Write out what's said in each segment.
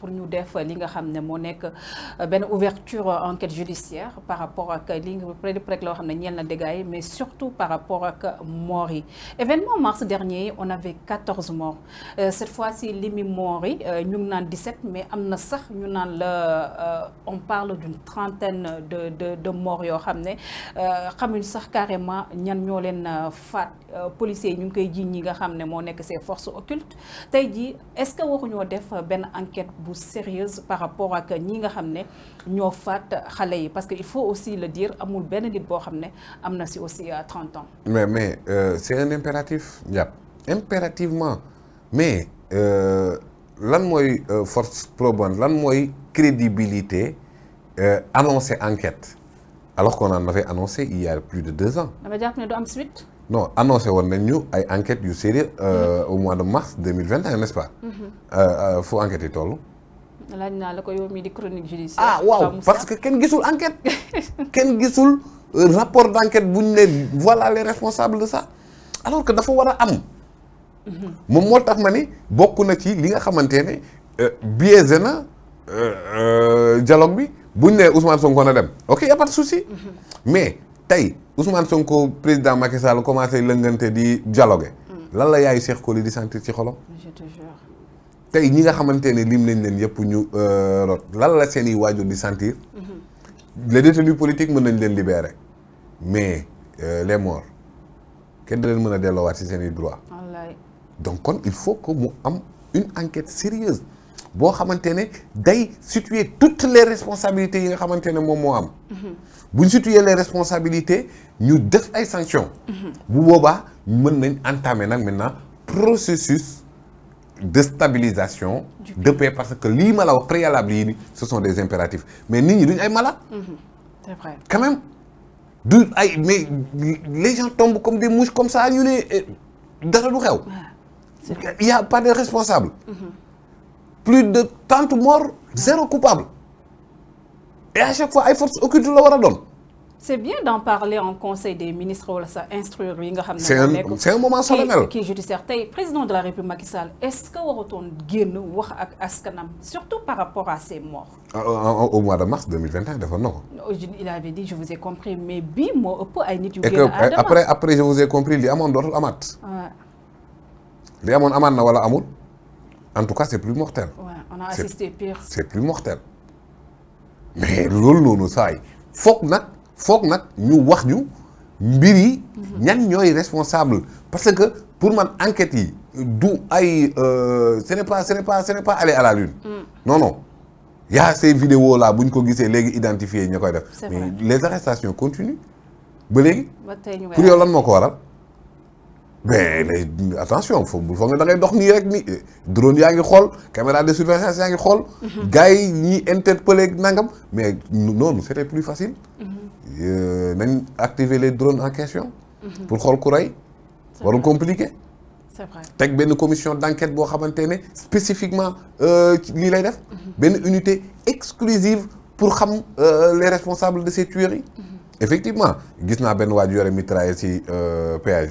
pour nous def li nga euh, ouverture euh, enquête judiciaire par rapport à li nga mais surtout par rapport ak mort. yi événement mars dernier on avait 14 morts euh, cette fois-ci li mi morts yi ñu 17 mais am sax ñu naan on parle d'une trentaine de de de morts Nous avons ne sax carrément ñan ñoo leen faat policiers yi ñu que koy jiiñ ñi nga est-ce que waruñoo def une enquête enquête sérieuse par rapport à ce nga xamné avons ñoo faat parce qu'il faut aussi le dire amul ben nit bo xamné amna à aussi 30 euh, ans. mais mais euh, c'est un impératif. impérativement mais euh, lan mooy force probante lan moy crédibilité annoncer enquête alors qu'on en avait annoncé il y a plus de deux ans non annoncé woon nañ ñu ay du yu euh, mm-hmm. au mois de mars 2021 n'est-ce pas Faut mm-hmm. euh, euh, faut enquêter toll laaj naa la ko yow di chronique judiciaire ah wow parce que a gisul enquête a gisul rapport d'enquête voilà les responsables de ça alors que dafa war am Mon mm-hmm. mot tax ma beaucoup de na ci li nga xamante ne biaisé na dialogue bi Ousmane Sonko na dem ok à a pas de souci mais tey Ousmane Sonko président Macky Sall commencé lëngante di dialogué. Mm. lan la yaayu Cheikh Coly di sentir ci xolam. je te jure. tey ñi nga xamante ne lim nañ leen yëpp ñu euh, rot lan la seen i di sentir. Mm-hmm. les détenus politiques mën nañ leen libérer mais euh, les morts kenn da leen mën a delloowaat ci seen droit. donc kon il faut que mu am une enquête sérieuse boo xamante situer toutes les responsabilités yi nga avez ne vous situez les responsabilités ñu def ay sanctions. bu boobaa mën nañ entamer maintenant processus de stabilisation. de paix parce que lii préalable ce sont des impératifs mais nous, ñi duñ ay mhm. c'est vrai quand même du ay mais les gens tombent comme des mouches comme ça ñu ne il y a pas de responsable. Mhm plus de 30 morts zéro coupable et à chaque fois il faut occultes la war la c'est bien d'en parler en conseil des ministres wala ça instruire c'est un moment solennel je dis certain, président de la république Makissal, est-ce que vous génn wax ak askanam surtout par rapport à ces morts. Ah, euh, au mois de mars 2021 non. il avait dit je vous ai compris mais Bimou, pour après je vous ai compris li a dootul amaat. waaw li wala en tout cas c'est plus mortel. Ouais, on a assisté pire. c'est plus mortel mais lolo nous saa yi foog faut que nous ñu wax ñu mbir mhm. ñan responsable parce que pour man enquête yi euh, ce n'est pas pas pas aller à la lune. Mm. non non Il y a ces vidéos là bu ñu ko identifié mais les arrestations continuent ba pour yow lan moo waral mais attention il faut que da dox les rek caméras drone de surveillance les gens mhm. gars mais non, c'était plus facile. Mhm. Euh, activer les drones en question. Mhm. pour voir le rey. c'est compliqué. c'est vrai a une commission d'enquête pour spécifiquement une euh, lay unité exclusive pour euh, les responsables de ces tueries. effectivement gis naa benn waa ju yore mitraille ci péage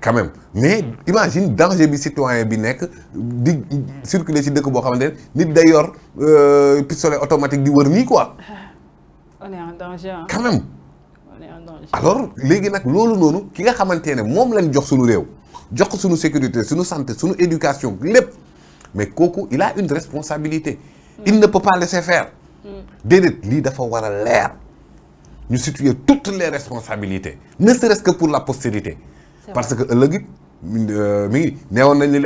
quand même mais imagine danger bi citoyen bi nek di circuler ci deuk bo xamante nit d'ailleurs yor euh, pistolet automatique di wër ni quoi. on est en danger hein. quand même. on est en danger alors légui nak nous noonu ki nga xamante ne moom lañ jox suñu réew jox ko suñu sécurité suñu santé suñu éducation mais Coco, il a une responsabilité. Mm. il ne peut pas laisser faire. Mm. déedéet li dafa wara lair, leer ñu situer toutes les responsabilités ne serait-ce que pour la postérité parce que le guide, mais ngi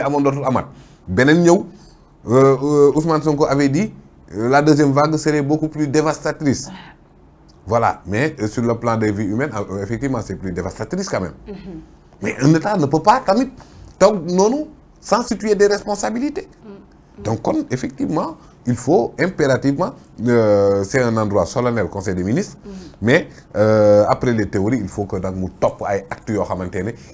euh, euh, Ousmane Sonko avait dit euh, la deuxième vague serait beaucoup plus dévastatrice. Voilà, mais sur le plan des vies humaines, effectivement, c'est plus dévastatrice quand même. Mm-hmm. Mais un État ne peut pas, tant sans situer des responsabilités. Mm-hmm. Donc, effectivement, il faut impérativement, euh, c'est un endroit solennel, conseil des ministres, mhm. mais euh, après les théories, il faut que dans le top acte,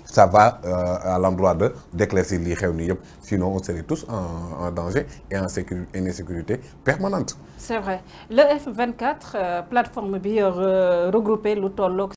ça va euh, à l'endroit de d'éclaircir les réunions. Sinon, on serait tous en, danger et en insécurité permanente. C'est vrai. Le F24, plateforme regrouper regroupée l'autologue